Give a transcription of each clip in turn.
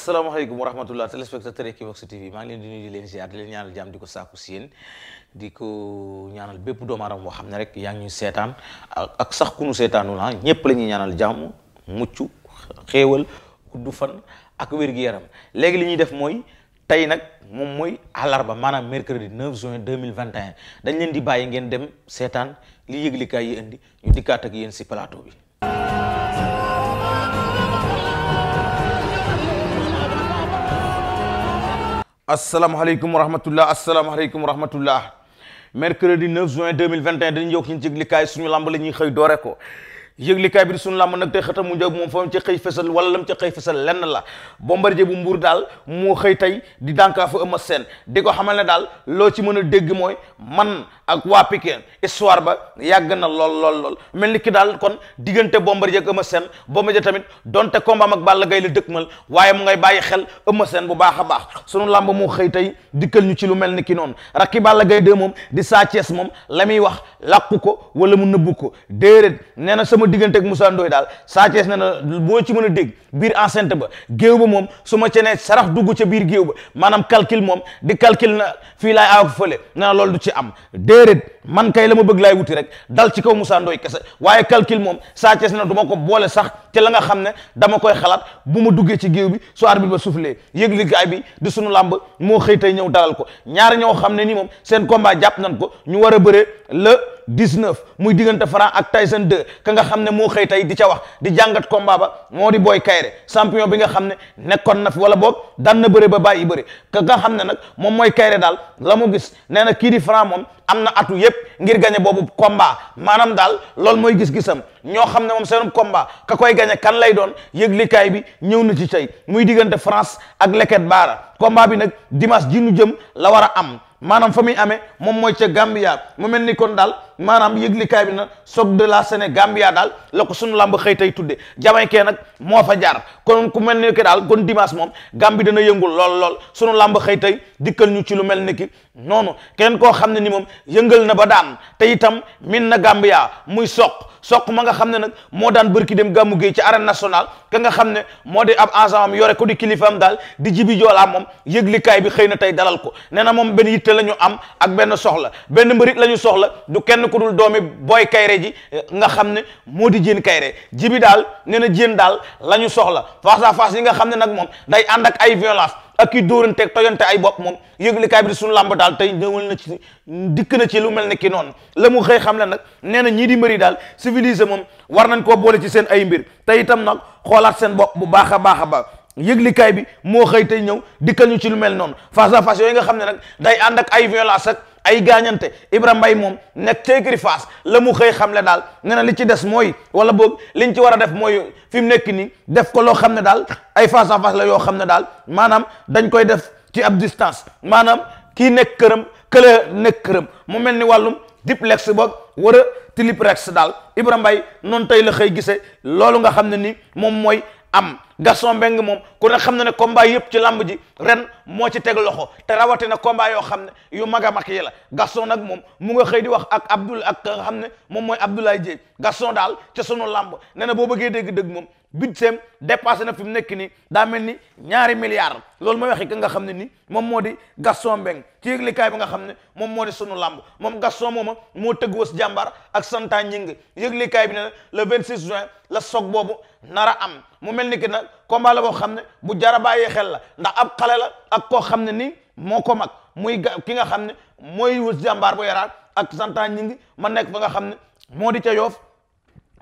asalaamaaleykum wa rahmatullah téléspectateur Equivox TV maa ngi leen di nuyu di leen ziar di leen ñaanal jàmm di ko saaku si yéen di ko ñaanal bépp doomu aadama boo xam ne rek yaa ngi ñu seetaan ak sax ku nu seetaanul ah ñëpp la ñuy ñaanal jàmm mucc xéewal gudd fan ak wér-gu-yaram léegi li ñuy def mooy tey nag moom mooy àllarba maanaam mercredi 9 juin 2021 dañ leen di bàyyi ngeen dem seetaan li yëglikaay yi indi ñu dikkaat ak yéen si plateau bi. asalaamaaleykum wa rahmatullah asalaamaaleykum wa rahmatullah mercredi 9 juin 2021 dañuy yokk ci yëglikaay suñu lamb la ñuy xëy doore ko yëglikaay bi di sunu làmb nag tey xëtam mu njëkk moom fa mu ca xëy fesal wala lam ca xëy fesal lenn la Bombardier bu mbuur daal moo xëy tey di dànkaafu Eumeu seen di ko xamal ne daal loo ci mën a dégg mooy man ak waa Pikine histoire ba yàgg na lool lool lool mel ni ki daal kon diggante Bombardier ak Eumeu Sène Bombardier tamit donte combat am ak Balla Gaye la dëkkmal waaye mu ngay bàyyi xel Eumeu Sène bu baax a baax sunu làmb moo xëy tey dikkal ñu ci lu mel ni ki noonu rakki Balla gay de moom di Sa Thiès moom la muy wax làqu ko wala mu nëbbu ko diggante ak Moussa Ndoye daal Sa Thiès ne na boo ci mën a dégg biir enceinte ba géew ba moom su ma ci ne sarax ca biir géew ba maanaam calcul moom di calcul na fii laay aaw fële nee loolu du ci am déedéet man kay la ma bëgg laay wuti rek dal ci kaw Moussa Ndoye kese waaye calcul moom Sa Thiès ne na du ma ko boole sax ci la nga xam ne dama koy xalaat bu ma duggee ci géew bi su arbitre ba soufflé yëglikaay bi di sunu làmb moo xëy tey ñëw dalal ko ñaar ñëw xam ne ni moom seen combat jàpp nañ ko ñu war a bëree le 19 muy diggante Franc ak Tyson 2 ka nga xam ne moo xëy tey di ca wax di jàngat combat ba moo di booy Kayre champion bi nga xam ne nekkoon na fi wala boog daan na bëre ba bàyyi bëre ka nga xam ne nag moom mooy Kayre daal la mu gis nee na kii di moom am na atu yépp ngir gagné boobu combat maanaam daal loolu mooy gis-gisam ñoo xam ne moom seen combat ka koy gañe kan lay doon yëglikaay bi ñëw na ci tey muy diggante France ak Leket Baara combat bi nag dimanche ji nu jëm la war a am maanaam fa muy amee moom mooy ca Gambia mu mel ni kon daal. maanaam yëglikaay bi na choc de la Sénégambia daal la ko sunu làmb xëy tey jaman jamaykee nag moo fa jaar kon ku mel ni ki daal kon dimanche moom Gambie dana yëngul lool lool sunu làmb xëy tey dikkal ñu ci lu mel ni ki noonu kenn koo xam ne ni moom yëngal na ba daan te itam min na Gambia muy soq soq ma nga xam ne nag moo daan bërki dem gàmmu géey ci arène nationale ka nga xam ne moo di ab agent am yore ko di kilifaam daal di jibi joolaa moom yëglikaay bi xëy na tey dalal ko nee na moom benn yitte la ñu am ak benn soxla benn mbërit lañu soxla du kenn ku dul doomi booy kayre ji nga xam ne moo di jéen kayre ji daal nee na jéen daal la ñu soxla face à face yi nga xam ne nag moom day ànd ak ay violence ak i dóorante tojante ay bopp moom yëglikaay bi di suñu làmb daal tey ñëwal na ci dikk na ci lu mel ne ki noonu la mu xëy xam le nag nee na ñii di daal civilisé moom war nañ koo boole ci seen ay mbir te itam nag xoolaat seen bopp bu baax a baax a baax yëglikaay bi moo xëy tey ñëw dikkal ñu ci lu mel noonu face à yooyu nga xam ne nag day ànd ak ay violence ak ay gaañante Ibra mbay moom nekk ca écurie la mu xëy xam le daal ne li ci des mooy wala boog liñ ci war a def mooy fi mu nekk nii def ko loo xam ne daal ay face à la yoo xam ne daal maanaam dañ koy def ci ab distance maanaam kii nekk këram kële nekk këram mu mel ni wàllum diplex boog war a tiliprex daal Ibra mbay noonu tey la xëy gisee loolu nga xam ne ni moom mooy am Gaston Mbengue moom ku ne xam na ne combat yëpp ci lamb ji ren moo ci teg loxo te rawatina combat yoo xam ne yu mag a mag yi la Gaston nag moom mu nga xëy di wax ak Abdoul ak nga xam ne moom mooy Abdoulaye Dieye Gaston daal ci sunu lamb nee na boo bëggee dégg moom budget dépassé na fi mu nekk ni daa mel ni ñaari milliards loolu mooy waxi ka nga xam ne ni moom moo di Gaston Mbengue ci yëglikaay ba nga xam ne moom moo di sunu làmb moom Gaston mooma moo tëgg was jàmbaar ak santa ñing yëglikaay bi ne le 26 juin la soog boobu nara am mu mel ni que nag boo xam ne bu jara bàyyee xel la ndax ab xale la ak koo xam ne ni moo ko mag muy ki nga xam ne mooy was jàmbaar bu yaraat ak santa ñing ma nekk ba nga xam ne moo di ca yoof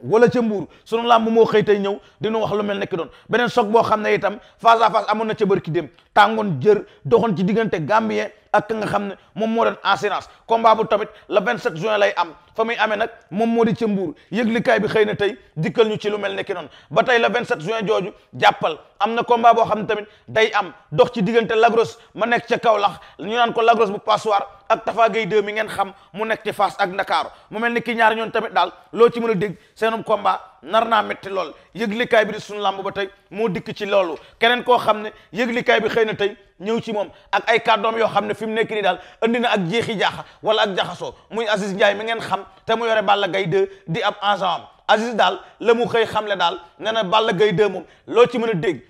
wala ca mbuur sunu làmb moo xëy tey ñëw dina wax lu mel nekk doon beneen choc boo xam ne itam face à face amoon na ca bërki dem tàngoon jër doxoon ci diggante Gambien ak nga xam ne moom moo doon assurance combat bu tamit le 27 join lay am fa muy amee nag moom moo di ca Mbuur yëglikaay bi xëy na tey dikkal ñu ci lu mel ne ki noonu ba tey la vingt 27 join jooju jàppal am na combat boo xam ne tamit day am dox ci diggante Lagros ma nekk ca Kaolack ñu naan ko Lagros bu Passoir ak Tafa Gueye 2 mi ngeen xam mu nekk ci Fass ak Ndakaaru mu mel ni ki ñaar ñoon tamit daal loo ci mën a dégg seenum combat nar naa métti lool yëglikaay bi di sunu làmb ba tey moo dikk ci loolu keneen koo xam ne yëglikaay bi xëy na tey ñëw ci moom ak ay kàddoom yoo xam ne fi mu nekk nii daal andina na ak jeexi jaaxa wala ak jaxasoo muy Aziz Ndiaye mi ngeen xam te mu yore Balla gay 2 di ab agent am Aziz daal la mu xëy xam le daal nee na Balla Gaye 2 moom loo ci mën a dégg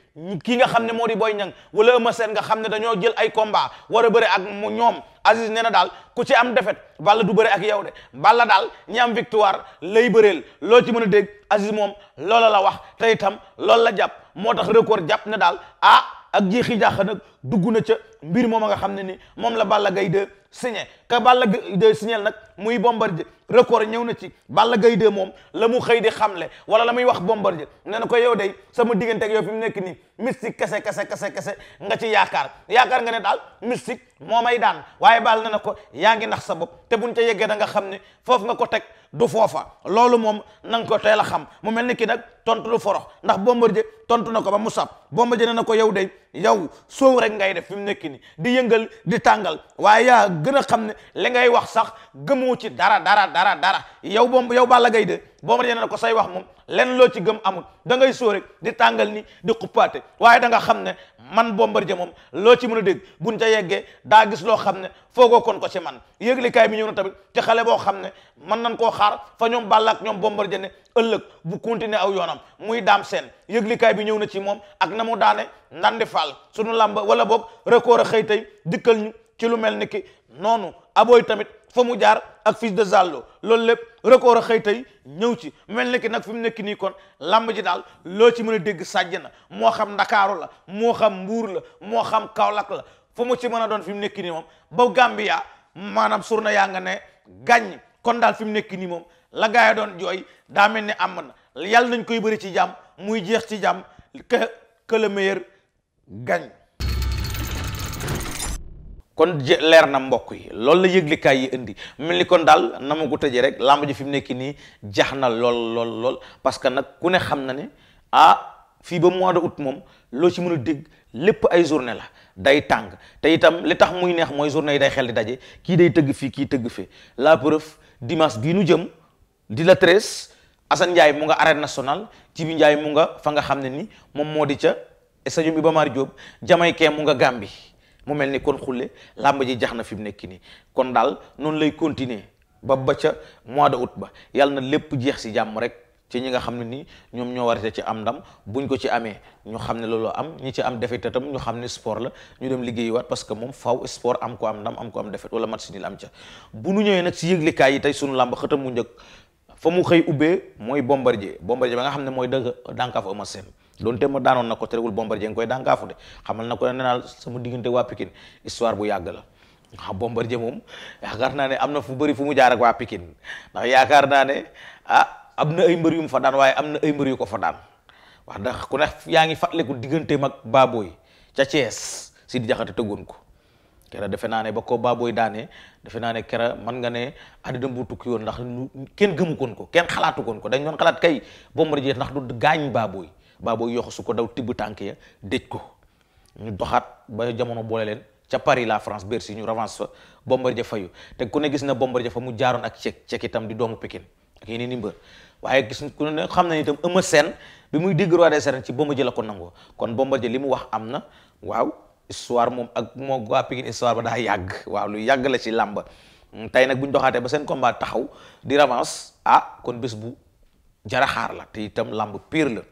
kii nga xam ne moo di Boy Niang wala Eumeu Sène nga xam ne dañoo jël ay combat war a bëre ak mu ñoom Aziz ne na daal ku ci am defet Balla du bëre ak yow de Balla daal ñi victoire lay bëreel loo ci mën a dégg Aziz moom loola la wax te itam loolu la jàpp moo tax record jàpp ne daal ah ak jeexi jaaxa nag dugg na ca mbir moom nga xam ne ni moom la Balla Gaye 2 signé ka Balla Gaye 2 signé nag muy Bombardier record ñëw na ci Balla Gaye 2 moom la mu xëy di xam le wala la muy wax Bombardier nee na ko yow day sama diggante ak yow fi mu nekk nii mystique kese kese kese kese nga ci yaakaar yaakaar nga ne daal mystique moom may daan waaye Balla nee na ko yaa ngi nax sa bopp te buñ ca yeggee da nga xam ne foofu nga ko teg du foofa loolu moom na nga ko teel a xam mu mel ni ki nag tontu lu forox ndax Bombardier tontu na ko ba mu sab Bombardier ne na ko yow de yow soow rek ngay def fi mu nekk ni di yëngal di tàngal waaye yaa gën a xam ne li ngay wax sax gëmoo ci dara dara dara dara yow boom yow Balla Gaye de boo ma ne ko say wax moom lenn loo ci gëm amul da ngay soo rek di tàngal ni di xuppaate waaye da nga xam ne man Bombardier moom loo ci mën a dégg buñ ca yeggee daa gis loo xam ne foogoo kon ko ci man yëglikaay bi ñëw na tamit ci xale boo xam ne mën nañ koo xaar fa ñoom Balla ak ñoom Bombardier ne ëllëg bu continuer aw yoonam muy daam seen yëglikaay bi ñëw na ci moom ak na mu Ndandi Fall sunu làmb wala boog record a xëy tey dikkal ñu ci lu mel ni ki noonu abooy tamit foo mu jaar ak fils de Zallo loolu lépp record a xëy tey ñëw ci mel ni ki nag fi mu nekk nii kon làmb ji daal loo ci mën a dégg sàjj na moo xam ndakaaru la moo xam mbuur la moo xam kaolack la foo mu ci mën a doon fi mu nekk nii moom ba Gambia maanaam surna yaa nga ne gàññ kon daal fi mu nekk nii moom la gaay doon jooy daa mel ni am na yàlla nañ koy bari ci jàmm muy jeex ci jàmm que que gañ kon leer na mbokk yi loolu la yëglikaay yi indi mel ni kon daal na ma ko tëjee rek làmb ji fi mu nekk nii jax na lool lool parce que nag ku ne xam na ne ah fii ba mois de août moom loo ci mën a dégg lépp ay journée la day tàng te itam li tax muy neex mooy journée yi day xel di daje kii day tëgg fii kii tëgg fee la preuve dimanche bii nu jëm di la treize Assane Ndiaye mu nga arène national ci bi Ndiaye mu nga fa nga xam ne ni moom moo di ca. stadium Iba Mar Diop Jamaïcain mu nga Gàmbi mu mel ni kon xule làmb ji jax na fi mu nekk nii kon daal noonu lay continuer ba ba ca mois de août ba yàlla na lépp jeex si jàmm rek ci ñi nga xam ne nii ñoom ñoo warate ci am ndam buñ ko ci amee ñu xam ne loolu am ñi ci am defet tam ñu xam ne sport la ñu dem liggéeyuwaat parce que moom faw sport am ko am ndam am ko am defet wala match nil am ca bu nu ñëwee nag si yëglikaay yi tey sunu làmb xëtam mu njëkk fa mu xëy ubbee mooy bombardier bombardier ba nga xam ne mooy dëgg dànkaaf Eumeu Sène te ma daanoon na ko terewul Bombardier nga koy dànkaafu de xamal na ko ne naa sama diggante waa Pikine histoire bu yàgg la waaw Bombardier moom yaakaar naa ne am na fu bëri fu mu jaar ak waa yaakaar naa ne ah am na ay mbër yu mu fa daan waaye am na ay mbër yu ko fa daan wax ndax ku ne yaa ngi fàttaliku digganteem ak Baboy ca Thiès si di jaxate tëggoon ko kera defe naa ne ba ko Baboy daane defe naa ne kera man nga ne àddina bu tukki woon ndax kenn gëmu ko kenn xalaatu koon ko dañ doon xalaat kay Bombardier ndax du gaañ Baboy baa boo yoxosu ko daw tibb tànk ya dëj ko ñu doxaat ba jamono boole leen ca Paris la France Bercy ñu revanche fa Bombardier fayu te ku ne gis na Bombardier fa mu jaaroon ak cek cek itam di doomu Pikine ak yeneen i mbër waaye gis ku ne xam nañ itam Eumeu seen bi muy digg roi des arènes ci Bombardier la ko nangoo kon ja li mu wax am na waaw histoire moom ak moo waa Pikine histoire ba daa yàgg waaw lu yàgg la ci làmba tey nag bu ñu doxaatee ba seen combat taxaw di revanche ah kon bés bu jaraxaar làmb pire la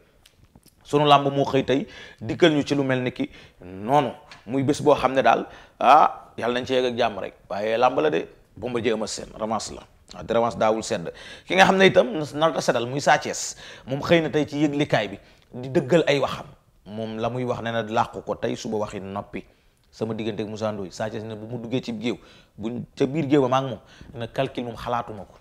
sunu làmb moo xëy tey dikkal ñu ci lu mel ni ki noonu muy bés boo xam ne daal ah yàlla nañ ci yegg ak jàmm rek waaye làmb la de Bombardier Eumeu Sène revanche la waaw te revanche daawul sedd ki nga xam ne itam narata seddal muy Sa moom xëy na tey ci likaay bi di dëggal ay waxam moom la muy wax ne na làqu ko tey suba waxi noppi sama diggante ak Moussa Ndoye Sa ne mu duggee ci géew bu ca biir géew ba ak moom na calcul moom xalaatuma ko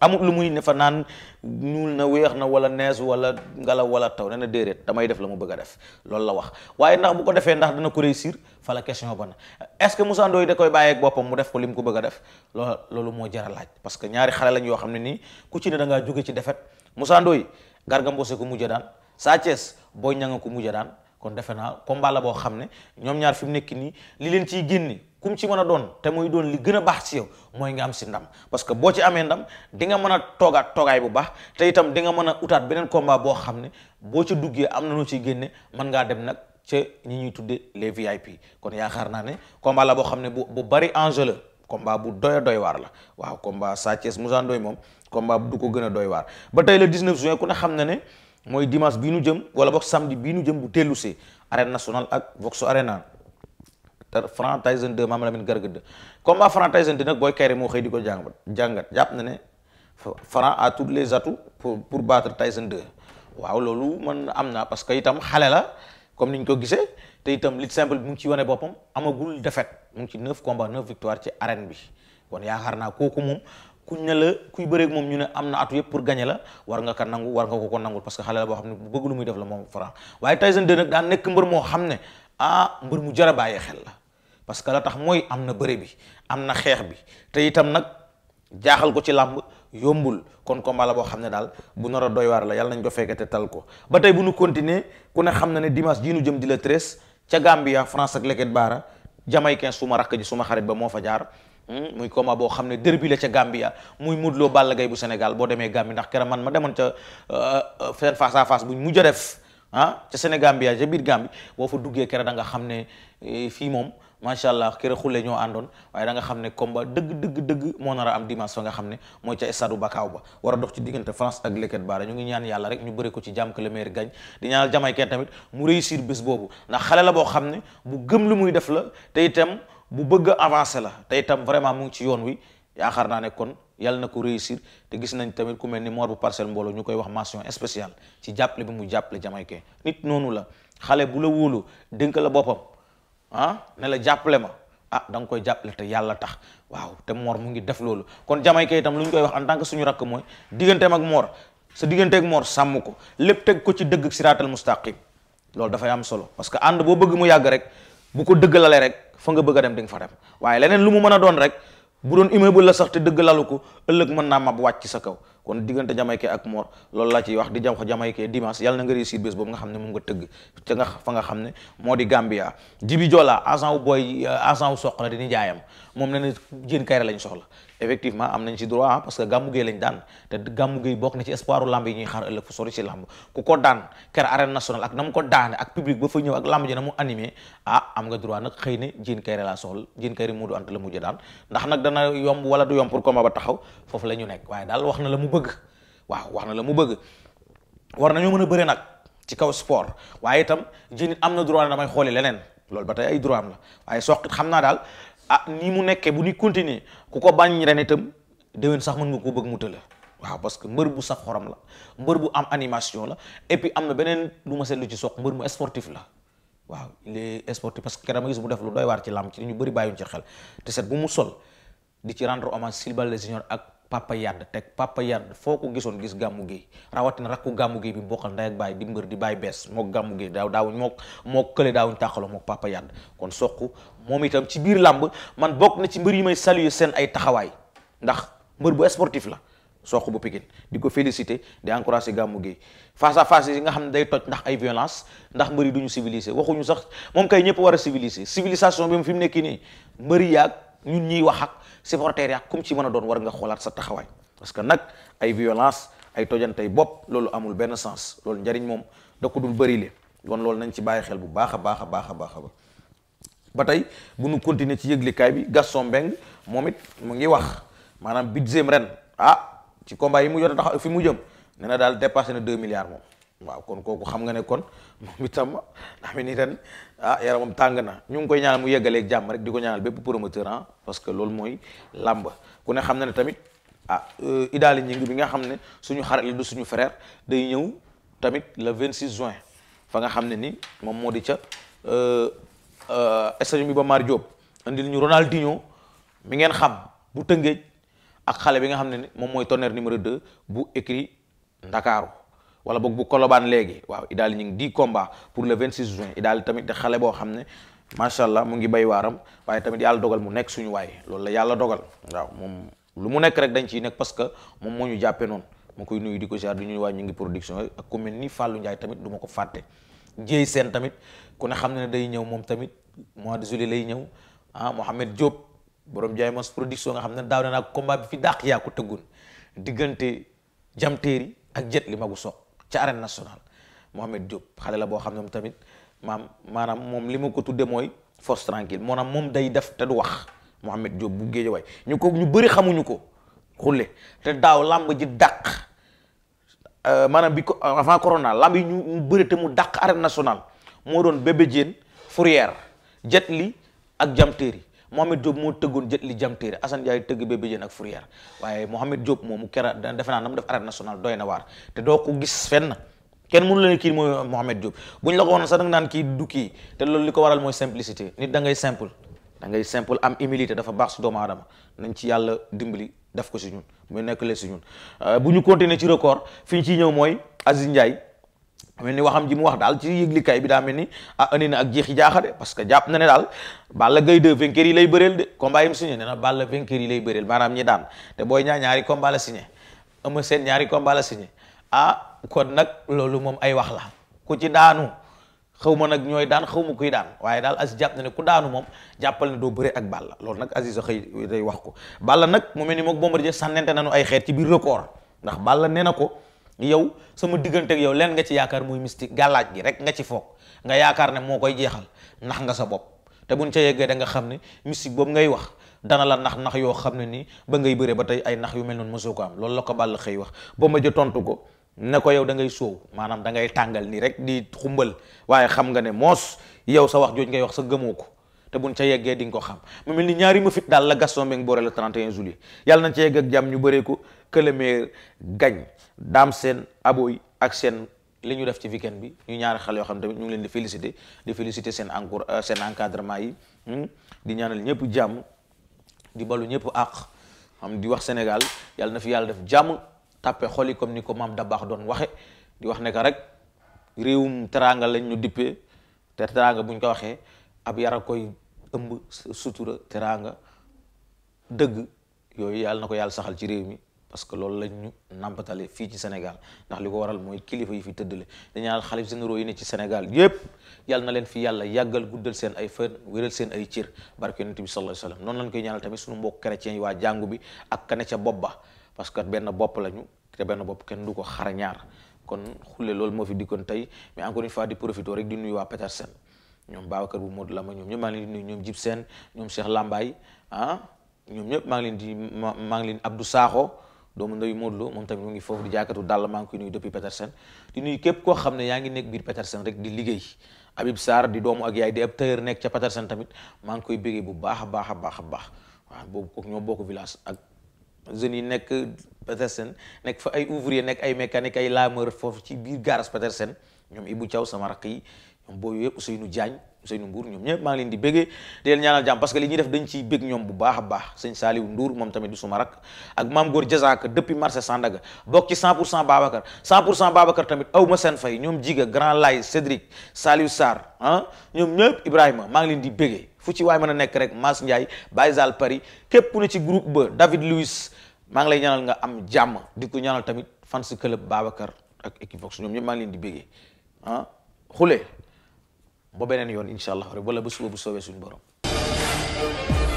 amul lu muy ne fa naan ñuul na weex na wala nees wala ngelaw wala taw ne na déedéet damay def la mu bëgg def loolu la wax waaye ndax bu ko defee ndax dana ko réussir fa la ba na est-ce que Moussa da koy bàyyeeg boppam mu def ko li mu ko bëgg def loolu loolu moo jar a laaj parce que ñaari xale lañ yoo xam ne nii ku ci ne da ngaa jóge ci defet Moussa Ndoye Garga Mbossé ko mujj daan Sa Thiès Boy Niang ko mujj daan kon defe naa combat boo xam ne ñoom ñaar fi mu nekk nii li leen ciy génne kum ci mën a doon te muy doon li gën a baax si yow mooy nga am si ndam parce que boo ci amee ndam di nga mën a toogaat toogaay bu baax te itam di nga mën a utaat beneen combat boo xam ne boo ci duggee am na noo ciy génne mën ngaa dem nag ca ñi ñuy tudde les VIP kon yaakaar naa ne combat boo xam ne bu bu bari enjeu la bu doy doy waar la waaw combat Sa Thiès Moussa Ndoye moom combat bu ko gën a doy waar ba tey le 19 juin ku ne xam na ne mooy dimanche bii nu jëm wala boog samedi bii nu jëm bu tellusee arène nationale ak Vox Arena Franc Tyson 2 Mama Lamine Garga 2 combat Franc Tyson 2 nag Boy Kayré moo xëy di ko jàngat jàngat jàpp na ne Franc a tous les atouts pour pour battre Tyson 2 waaw loolu man am naa parce que itam xale la comme niñ ko gisee te itam lit simple bi ngi ci wane boppam amagul defet mu ngi ci 9 combats 9 victoire ci arène bi kon yaakaar naa kooku moom kuñ ne la kuy bëreeg moom ñu ne am na atu yëpp pour gagner la war nga ko nangu war nga ko ko nangul parce que xale la boo xam ne bu bëgg lu muy def la moom Franc moo xam ne ah mbër mu jar a bàyyi xel la parce que la tax mooy am na bëre bi am na xeex bi te itam nag jaaxal ko ci làmb yombul kon combat boo xam ne daal bu nar a doy waar yàlla nañ ko fekke tal ko ba tey bu ñu continuer ku ne xam na ne dimanche jii nu jëm di la treize ca Gambia France ak Leket Baara jamay Jamaïcain suma rakk ji suma xarit ba moo fa jaar Hmm? muy combat boo xam ne derby la ca Gambia muy Modou Lo la Gaye bu Sénégal boo demee Gambie ndax kere man ma demoon ca seen euh, euh, face à face buñ mujj a def ah ca Sénégambia ca biir Gambie boo fa duggee kere da nga xam ne eh, fii moom macha allah keroog xulle ñoo àndoon waaye da nga xam ne combat dëgg dëgg dëgg moo nar am dimanche nga xam ne mooy ca stade Bakaaw ba war a dox ci diggante France ak Leket Baara ñu ngi ñaan yàlla rek ñu bëri ko ci jàmm que le meilleur di ñaanal jamaïcain tamit mu réussir bés boobu ndax xale la boo xam ne bu gëm lu muy def la te itam. bu bëgg a la te itam vraiment mu ngi ci yoon wi yaakaar naa ne kon yàlla na ko réussir te gis nañ tamit ku mel ni Mor bu Parcelles Mbooloo ñu koy wax mention spéciale ci jàppale bi mu jàppale jamay ke nit noonu la xale bu la wóolu dénk la boppam ah ne la jàppale ma ah da nga koy jàppale te yàlla tax waaw te Mor mu ngi def loolu kon Jamaïcain itam lu ñu koy wax en tant que suñu rakk mooy digganteem ak Mor sa digganteeg Mor sàmm ko lépp teg ko ci dëgg siraatal mustaqim loolu dafay am solo parce que ànd boo bëgg mu yàgg rek. bu ko dëgg lale rek fa nga bëgg dem di nga fa dem waaye leneen lu mu mën a doon rek bu doon immeuble la sax te dëgg lalu ko ëllëg mën naa mab wàcc sa kaw kon diggante Jamaïcain ak Mor loolu laa ciy wax di jam ko Jamaïcain dimanche yàlla na nga réussir bés boobu nga xam ne moom nga tëgg te nga fa nga xam ne moo di Gambia Jibi Jola agent wu booy euh, agent wu di nijaayam moom ne na jén kayre lañ soxla effectivement am nañ ci droit ah parce que gàmmu géey lañ daan te gàmmu géey bokk na ci espoiru lamb yi ñuy xaar ëllëg fu sori ci lamb ku ko daan ker arène nationale ak na ko daane ak public ba fa ñëw ak lamb ji na mu animé ah am la mujj daan ndax nag dana yomb wala du yomb pour combat ba taxaw foofu la nekk waaye daal wax na la mu bëgg waaw wax na la mu bëgg war nañoo mën bëre nag ci kaw sport waaye itam Diène am na droit na damay xooli leneen loolu ba tey ay droit am la ah nii mu nekkee bu ñu continuer ku ko bañ ren tam déwén sax man nga koo bëgg mu tëla waaw parce que mbër bu saf xorom la mbër bu am animation la et puis am na beneen lu ma seetlu ci soq mbër mu sportif la waaw il est sportif parce que keroog ma gis mu def lu doy waar ci làmb ci ñu bëri bàyyuñ ci xel te set bu mu sol di ci rendre hommage Sylvain Légion ak papa yàdd teg papa yàdd foo ko gisoon gis gàmmu gi rawatina rakku gàmmu gi bi bokkal ndey ak baay di mbër di baay bees mook gàmmu gi daawuñ mook kële daawuñ tàqaloo mook papa yàdd kon soq moom itam ci biir làmb man bokk na ci mbër yi may saluer seen ay taxawaay ndax mbër bu sportif la soq bu Pikine di ko féliciter di encourager gàmmu gi face à face yi nga xam ne day toj ndax ay violence ndax mbër yi duñu civiliser waxuñu sax moom kay a civiliser civilisation bi mu fi mu ñun ñuy wax ak supporter ya comme ci mën a doon war nga xoolaat sa taxawaay parce que nag ay violence ay tojantey bopp loolu amul benn sens loolu njariñ moom da ko dul le kon loolu nañ ci bàyyi xel bu baax a baax a baax a baax a ba ba tey bu nu continuer ci yëglikaay bi Gaston Mbengue moom it mu ngi wax maanaam budget ren ah ci combat yi mu jot a taxaw fi mu jëm nee na daal dépassé na 2 milliards moom waaw kon kooku xam nga ne kon moom itam daa mel ni ren ah yaramam tàng na ñu ngi koy ñaanal mu yeggalee jàmm rek di ko ñaanal bépp promoteur ah parce que loolu mooy làmb ku ne xam na ne tamit ah euh, idaali ñi ngi bi nga xam ne suñu xarit la du suñu frère day ñëw tamit le 26 juin fa nga xam ne ni moom moo di ca euh, euh, stade bi ba Mar Diop andil ñu Ronaldinho mi ngeen xam bu Tëngéej ak xale bi nga xam ne ni moom mooy tonnerre numéro 2 bu écrit Ndakaaru wala boog bu kolobaan léegi waaw Idaly ñu ngi 10 combats pour le 26 juin Idaly tamit te xale boo xam ne macha allah mu ngi bay waaram waaye tamit yàlla dogal mu nekk suñu waay loolu la yàlla dogal waaw moom lu mu nekk rek dañ ci nekk parce que moom moo ñu jàppe noon moo koy nuyu di ko ziar di ñuy waay ñu ngi production a ku mel ni Fallou Ndiaye tamit du ma ko fàtte jéey seen tamit ku ne xam ne day ñëw moom tamit mois de juillet lay ñëw ah Mohamed Diop borom Ndiaye Mos production nga xam ne daaw ne naa fi dàq yaa ko tëggoon diggante jamteeri ak jet li magu soog ci arène nationale Mohamed Diop xale la boo xam ne moom tamit maam maanaam moom li ma ko tuddee mooy force tranquille moom day def te du wax Mohamed Diop bu géej waay ñu ko ñu bari xamuñu ko xulle te daaw làmb ji dàq euh, maanaam bi ko corona làmb yi ñu bëri te mu dàq arène nationale moo doon bébé jéen fourrière jet li ak jamtéeri Mohamed Diop moo tëggoon jët li jam téere Assane Ndiaye tëgg bébé jën ak fourrière waaye Mohamed Diop moom kera defe naa na mu def arène nationale doy na waar te doo ko gis fenn kenn mënu la ne kii mooy Mohamed Diop buñ la woon sax da nga naan du kii te loolu li ko waral mooy simplicité nit da ngay simple dangay ngay simple am humilité dafa baax si doomu aadama nañ ci yàlla dimbali def ko si ñun mu nekk leen si ñun euh, bu ñu continuer ci record fi ñu ciy ñëw mooy Aziz Ndiaye mel ni waxam ji mu wax daal ci yëglikaay bi daa mel ni a ah, andi na ak jeexi jaaxade parce que jàpp na ne daal Balla Gaye 2 lay bëreel de combat yi mu signé nee na Balla vainqueur yi lay bëreel maanaam ñi daan te booy ñaa ñaari combat la signé Eumeu Sène ñaari combat la signé ah, kon nag loolu moom ay wax la ku ci daanu xaw ma nag ñooy daan xaw ma kuy daan waaye daal Aziz jàpp na ne ku daanu moom jàppal ne doo bëre ak Balla loolu nag Aziz a xëy day wax ko Balla nag mu mel ni moom Bombardier sànnente nañu ay xeer biir record ndax Balla nee na ko yow sama diggante ak yow leen nga ci yaakaar muy mystique gàllaaj gi rek nga ci foog nga yaakaar ne moo koy jeexal nax nga sa bopp te bu ca yeggee da nga xam ne mystique boobu ngay wax dana la nax nax yoo xam ne nii ba ngay bëree ba tey ay nax yu mel noonu mosoo ko loolu la ko bàll xëy wax ba ma jë ko ne ko yow da ngay soow maanaam da tàngal nii rek di xumbal waaye xam nga ne moos yow sa wax jooj ngay wax sa gëmoo ko te buñ ca yeggee di nga ko xam mu mel ni ñaari ma fit daal la Gaston Mbengue boore la 31 juillet yàlla na ca yegg ak ñu bare ko que le daam seen aboy ak seen li ñu def ci weekend bi ñu ñaari xale yoo xam tamit ñu ngi leen di féliciter di féliciter seen encour euh, seen encadrement yi hmm? di ñaanal ñëpp jàmm di balu ñëpp àq xam di wax Sénégal yàlla na fi yàlla def jàmm tàppe xol yi comme ni ko maam Dabaax doon waxe di wax ne que rek réewum teraanga lañ ñu dippee te teraanga buñ ko waxee ab yara koy ëmb sutura teraanga dëgg yooyu yàlla na ko yàlla saxal ci réew mi parce que loolu lañ ñu nàmpatale fii ci Sénégal ndax li ko waral mooy kilifa yi fi tëddale dañu ñaanal xalif généraux yi ne ci Sénégal yépp yàlla na leen fi yàlla yàggal guddal seen ay fan wéral seen ay cër barke yonent bi sallallahu alayhi wasallam noonu lañ koy ñaanal tamit suñu mbokk chrétiens waa jàngu bi ak kane ca bopp ba parce que benn bopp lañu te benn bopp kenn du ko xar ñaar kon xulle loolu moo fi dikkoon tey mais encore une fois di profité rek di nuyu waa Petersen ñoom Babacar bu Modou Lama ñoom ñëpp maa ngi leen di nuyu ñoom Jib Sène ñoom seex Lambaye ah ñoom ñëpp maa ngi di maa ngi leen Abdou Sakho doomu ndeyu Modou Lo moom tamit mu ngi foofu di jaakatu dàll maa ngi koy nuyu depuis Petersen di nuyu képp koo xam ne yaa ngi nekk biir Petersen rek di liggéey Habib Sarr di doomu ak yaay di ab tailleur nekk ca Petersen tamit maa ngi koy bégee bu baax a baax a baax a baax waaw boobu kooku ñoo village ak jeunes yi nekk Petersen nekk fa ay ouvrier nekk ay mécanique ay lameur foofu ci biir garage Petersen ñoom Ibou Thiaw sama rakk yi ñoom boobu yëpp Ousseynou Diagne Seynou mbuur ñoom ñëpp maa ngi leen di béggee di leen ñaanal jàmm parce que li ñuy def dañ ciy bég ñoom bu baax baax sëñ Saliou Ndour moom tamit du suma rak ak maam góor Jazaaka depuis marché Sandaga bokk ci 100 pour cent Babacar 100 pour cent Babacar tamit aw ma seen fay ñoom Jiga Grand Lay Cédric Saliou Sarr ah. ñoom ñëpp Ibrahima maa ngi leen di béggee fu ci waay mën a nekk rek Mass Ndiaye Baye Zal Paris képp ku ne ci groupe ba David Louis maa ngi lay ñaanal nga am jàmm di ko ñaanal tamit fans club Babacar ak Equivox ñoom ñëpp maa ngi leen di béggee ah ba beneen yoon incha allah wala ba suba bu soobee suñu borom.